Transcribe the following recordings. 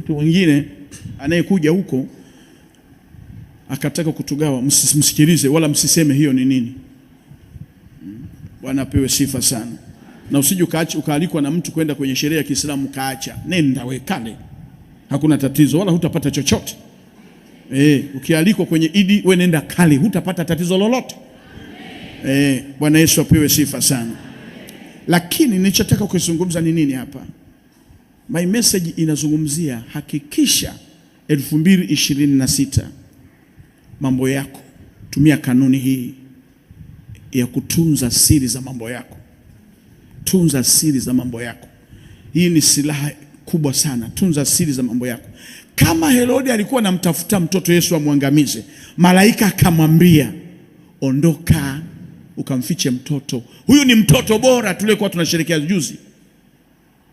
mtu mwingine anayekuja huko akataka kutugawa, msisikilize wala msiseme hiyo ni nini. Hmm. Bwana apewe sifa sana. Na usije ukaalikwa na mtu kwenda kwenye sherehe ya Kiislamu kaacha, nenda wekale, hakuna tatizo, wala hutapata chochote. E, ukialikwa kwenye Idi we nenda kale, hutapata tatizo lolote. E, Bwana Yesu apewe sifa sana. Lakini nilichotaka kuzungumza ni nini hapa? My message inazungumzia hakikisha 2026 mambo yako, tumia kanuni hii ya kutunza siri za mambo yako. Tunza siri za mambo yako, hii ni silaha kubwa sana. Tunza siri za mambo yako. Kama Herode alikuwa anamtafuta mtoto Yesu amwangamize, malaika akamwambia ondoka, ukamfiche mtoto. Huyu ni mtoto bora tuliokuwa tunasherekea juzi.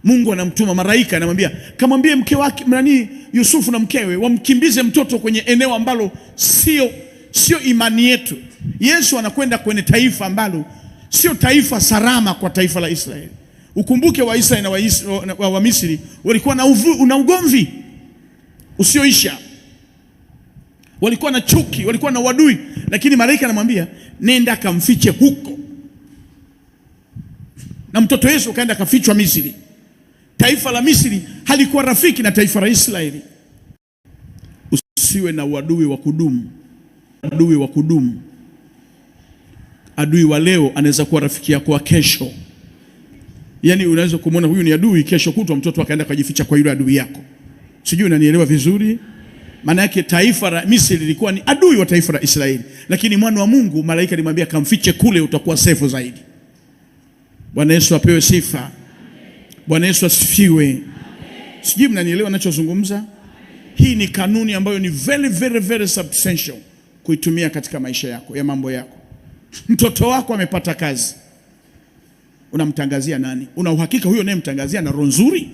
Mungu anamtuma maraika anamwambia kamwambie mke wake nani, Yusufu na mkewe wamkimbize mtoto kwenye eneo ambalo sio sio imani yetu. Yesu anakwenda kwenye taifa ambalo sio taifa salama kwa taifa la Israeli. Ukumbuke Waisraeli na wa, wa Misri walikuwa na, uvu, na ugomvi usioisha, walikuwa na chuki, walikuwa na wadui, lakini malaika anamwambia nenda kamfiche huko, na mtoto Yesu kaenda kafichwa Misri. Taifa la Misri halikuwa rafiki na taifa la Israeli. Usiwe na uadui wa kudumu, adui wa kudumu. Adui wa leo anaweza kuwa rafiki yako wa kesho. Yaani unaweza kumwona huyu ni adui, kesho kutwa mtoto akaenda kujificha kwa yule adui yako. Sijui unanielewa vizuri? Maana yake taifa la Misri lilikuwa ni adui wa taifa la Israeli, lakini mwana wa Mungu malaika alimwambia, kamfiche kule, utakuwa sefu zaidi. Bwana Yesu apewe sifa. Bwana Yesu asifiwe. Sijui mnanielewa ninachozungumza. Hii ni kanuni ambayo ni very, very, very substantial kuitumia katika maisha yako ya mambo yako. Mtoto wako amepata kazi, unamtangazia nani? Una uhakika huyo unayemtangazia na roho nzuri?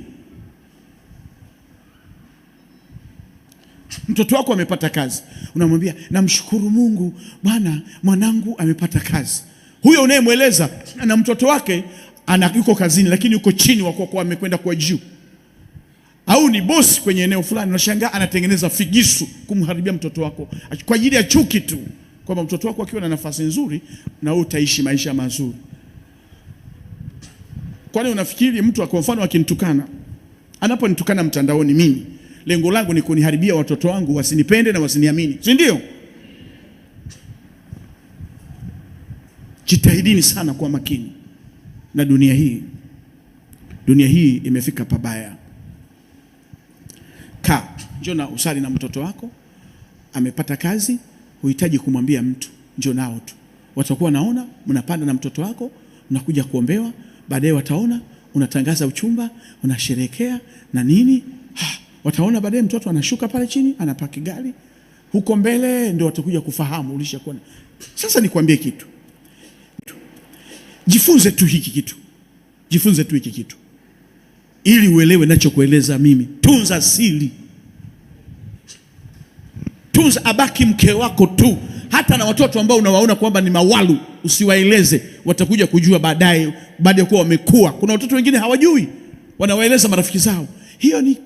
Mtoto wako amepata kazi, unamwambia namshukuru Mungu, Bwana mwanangu amepata kazi. Huyo unayemweleza na mtoto wake ana yuko kazini lakini yuko chini wakuwa amekwenda kwa juu, au ni bosi kwenye eneo fulani, unashangaa anatengeneza figisu kumharibia mtoto wako kwa ajili ya chuki tu, kwamba mtoto wako akiwa na nafasi nzuri na wewe utaishi maisha mazuri. Kwani unafikiri mtu kwa mfano akinitukana, anaponitukana mtandaoni, mimi lengo langu ni kuniharibia watoto wangu wasinipende na wasiniamini, si ndio? Jitahidini sana kwa makini na dunia hii. Dunia hii imefika pabaya. Ka njoo na usali na mtoto wako amepata kazi, huhitaji kumwambia mtu, njoo nao tu. Watakuwa naona mnapanda na mtoto wako, mnakuja kuombewa, baadaye wataona unatangaza uchumba, unasherekea na nini ha, wataona baadaye mtoto anashuka pale chini, anapaki gari huko mbele, ndio watakuja kufahamu ulishakuwa. Sasa nikwambie kitu Jifunze tu hiki kitu, jifunze tu hiki kitu ili uelewe nachokueleza mimi. Tunza siri, tunza, abaki mke wako tu. Hata na watoto ambao unawaona kwamba ni mawalu usiwaeleze, watakuja kujua baadaye, baada ya kuwa wamekua. Kuna watoto wengine hawajui, wanawaeleza marafiki zao, hiyo ni,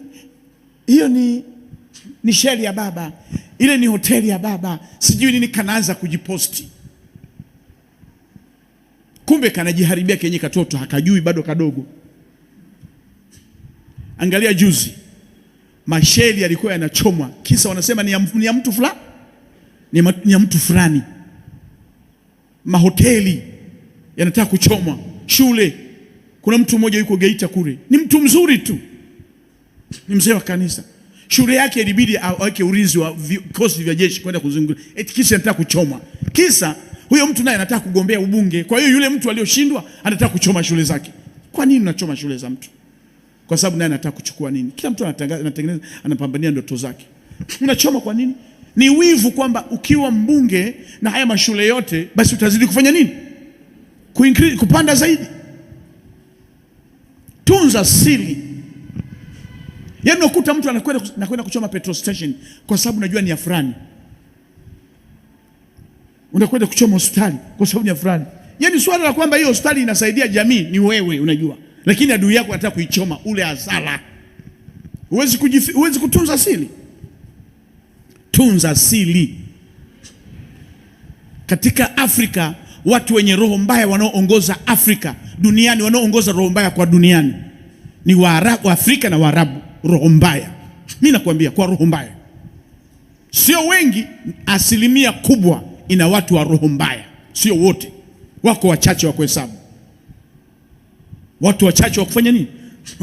hiyo ni, ni sheli ya baba, ile ni hoteli ya baba, sijui nini, kanaanza kujiposti kumbe kanajiharibia kenye katoto hakajui bado kadogo. Angalia juzi masheli yalikuwa yanachomwa, kisa wanasema ni ya, ni ya mtu fulani ni, ni ya mtu fulani. Mahoteli yanataka kuchomwa, shule. Kuna mtu mmoja yuko Geita kule, ni mtu mzuri tu, ni mzee wa kanisa. Shule yake ilibidi aweke ulinzi wa vikosi vya jeshi kwenda kuzunguka, eti kisa anataka kuchomwa, kisa huyo mtu naye anataka kugombea ubunge. Kwa hiyo yule mtu aliyoshindwa anataka kuchoma shule zake. Kwa nini unachoma shule za mtu? Kwa sababu naye anataka kuchukua nini? Kila mtu anatengeneza, anapambania ndoto zake. Unachoma kwa nini? Ni wivu kwamba ukiwa mbunge na haya mashule yote, basi utazidi kufanya nini? Kuincrease, kupanda zaidi. Tunza siri. Yaani unakuta mtu anakwenda kuchoma petrol station kwa sababu unajua ni ya fulani unakwenda kuchoma hospitali kwa sababu ya fulani. Yaani swala la kwamba hiyo hospitali inasaidia jamii ni wewe unajua, lakini adui yako anataka kuichoma ule azala. Huwezi kujifi, huwezi kutunza siri. Tunza siri. Katika Afrika watu wenye roho mbaya wanaoongoza Afrika duniani, wanaoongoza roho mbaya kwa duniani ni Waarabu, Afrika na Waarabu. Roho mbaya, mimi nakwambia, kwa roho mbaya sio wengi, asilimia kubwa ina watu wa roho mbaya, sio wote, wako wachache wa kuhesabu, watu wachache wa kufanya nini?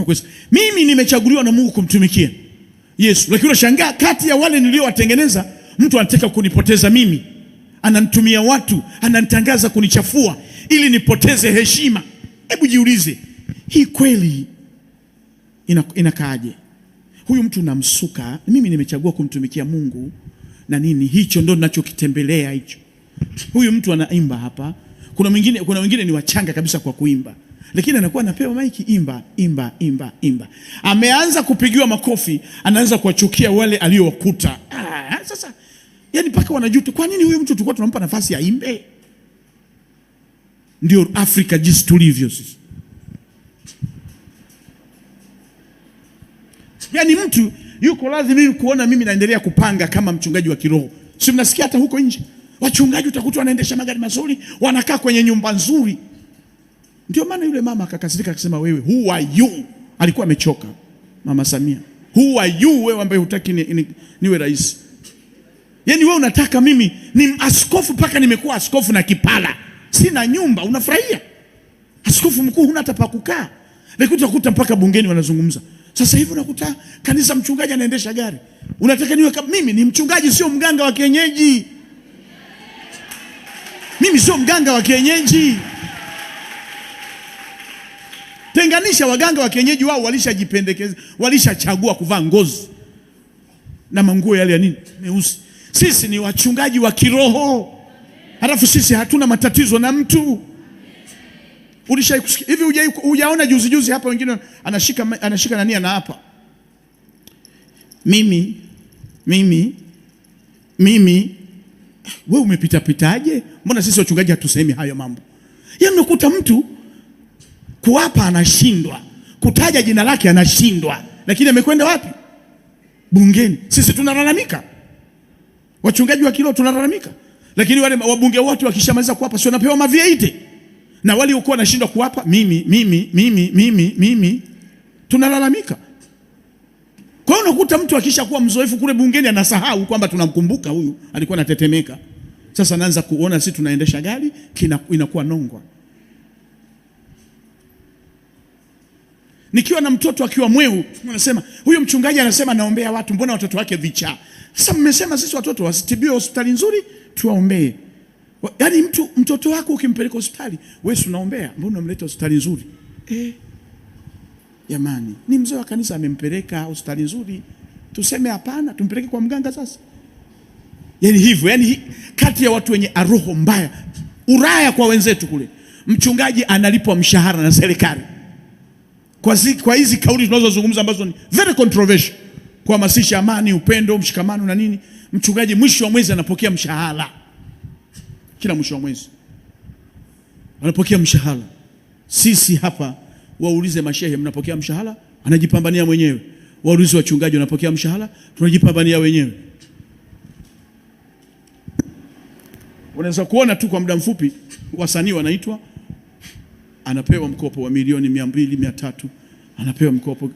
Mimi nimechaguliwa na Mungu kumtumikia Yesu, lakini unashangaa kati ya wale niliowatengeneza mtu anataka kunipoteza mimi, anantumia watu, anantangaza kunichafua ili nipoteze heshima. Hebu jiulize, hii kweli inakaaje? Ina huyu mtu namsuka, mimi nimechagua kumtumikia Mungu na nini, hicho ndo ninachokitembelea hicho. Huyu mtu anaimba hapa, kuna mwingine, kuna mwingine ni wachanga kabisa kwa kuimba, lakini anakuwa anapewa maiki, imba imba imba imba, ameanza kupigiwa makofi, anaanza kuwachukia wale aliowakuta. Ah, sasa yani mpaka wanajuta, kwa nini huyu mtu tulikuwa tunampa nafasi ya imbe? Ndio Afrika jinsi tulivyo sisi, yani mtu yuko lazima mimi kuona mimi naendelea kupanga kama mchungaji wa kiroho. Si mnasikia hata huko nje wachungaji utakuta wanaendesha magari mazuri, wanakaa kwenye nyumba nzuri. Ndio maana yule mama akakasirika akasema, wewe who are you? Alikuwa amechoka Mama Samia, who are you wewe ambaye hutaki ni, ni, niwe rais? Yaani wewe unataka mimi ni askofu mpaka nimekuwa askofu na kipala, sina nyumba, unafurahia askofu mkuu huna hata pa kukaa, lakini utakuta mpaka bungeni wanazungumza sasa hivi unakuta kanisa mchungaji anaendesha gari. Unataka niwe kama mimi? Ni mchungaji, sio mganga wa kienyeji. Mimi sio mganga wa kienyeji. Tenganisha waganga wa kienyeji, wao walishajipendekeza, walishachagua kuvaa ngozi na manguo yale ya nini meusi. Sisi ni wachungaji wa kiroho, halafu sisi hatuna matatizo na mtu. Ulishai kusikia hivi? Ujaona juzi juzi hapa wengine anashika anashika nani ana hapa, mimi mimi mimi, we umepita pitaje? Mbona sisi wachungaji hatusemi hayo mambo? Yaani unakuta mtu kuapa anashindwa, kutaja jina lake anashindwa, lakini amekwenda wapi? Bungeni. Sisi tunalalamika, wachungaji wa kilo tunalalamika, lakini wale wabunge wote wakishamaliza kuapa, sio napewa maviaite na waliokuwa wanashindwa kuwapa mimi, mimi, mimi, mimi, mimi, tunalalamika. Kwa hiyo unakuta mtu akishakuwa mzoefu kule bungeni anasahau kwamba tunamkumbuka huyu alikuwa anatetemeka. Sasa naanza kuona sisi tunaendesha gari kina, inakuwa nongwa. Nikiwa na mtoto akiwa mweu, anasema huyu mchungaji anasema naombea watu, mbona watoto wake vichaa? Sasa mmesema sisi watoto wasitibiwe hospitali nzuri, tuwaombee. Yaani mtu mtoto wako ukimpeleka hospitali, wewe unaombea, mbona unamleta hospitali nzuri? Eh. Jamani, ni mzee wa kanisa amempeleka hospitali nzuri. Tuseme hapana, tumpeleke kwa mganga sasa? Yaani hivyo, yaani kati ya watu wenye roho mbaya, Uraya kwa wenzetu kule. Mchungaji analipwa mshahara na serikali. Kwa hizi kwa hizi kauli tunazozungumza ambazo ni very controversial, kuhamasisha amani, upendo, mshikamano na nini, mchungaji mwisho wa mwezi anapokea mshahara kila mwisho wa mwezi wanapokea mshahara. Sisi hapa waulize mashehe, mnapokea mshahara? Anajipambania mwenyewe. Waulize wachungaji, wanapokea mshahara? Tunajipambania wenyewe. Unaweza kuona tu kwa muda mfupi wasanii wanaitwa, anapewa mkopo wa milioni mia mbili mia tatu anapewa mkopo.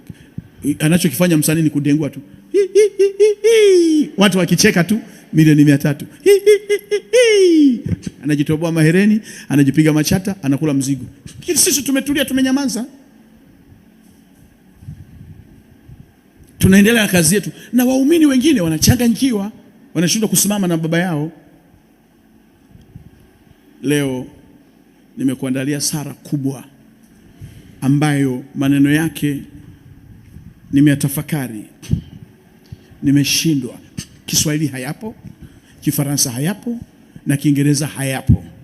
Anachokifanya msanii ni kudengua tu, hi, hi, hi, hi. Watu wakicheka tu, milioni mia tatu hi, hi, hi, hi anajitoboa mahereni, anajipiga machata, anakula mzigo. Lakini sisi tumetulia, tumenyamaza, tunaendelea na kazi yetu, na waumini wengine wanachanganyikiwa, wanashindwa kusimama na baba yao. Leo nimekuandalia sara kubwa ambayo maneno yake nimeyatafakari, nimeshindwa. Kiswahili hayapo, Kifaransa hayapo na Kiingereza hayapo.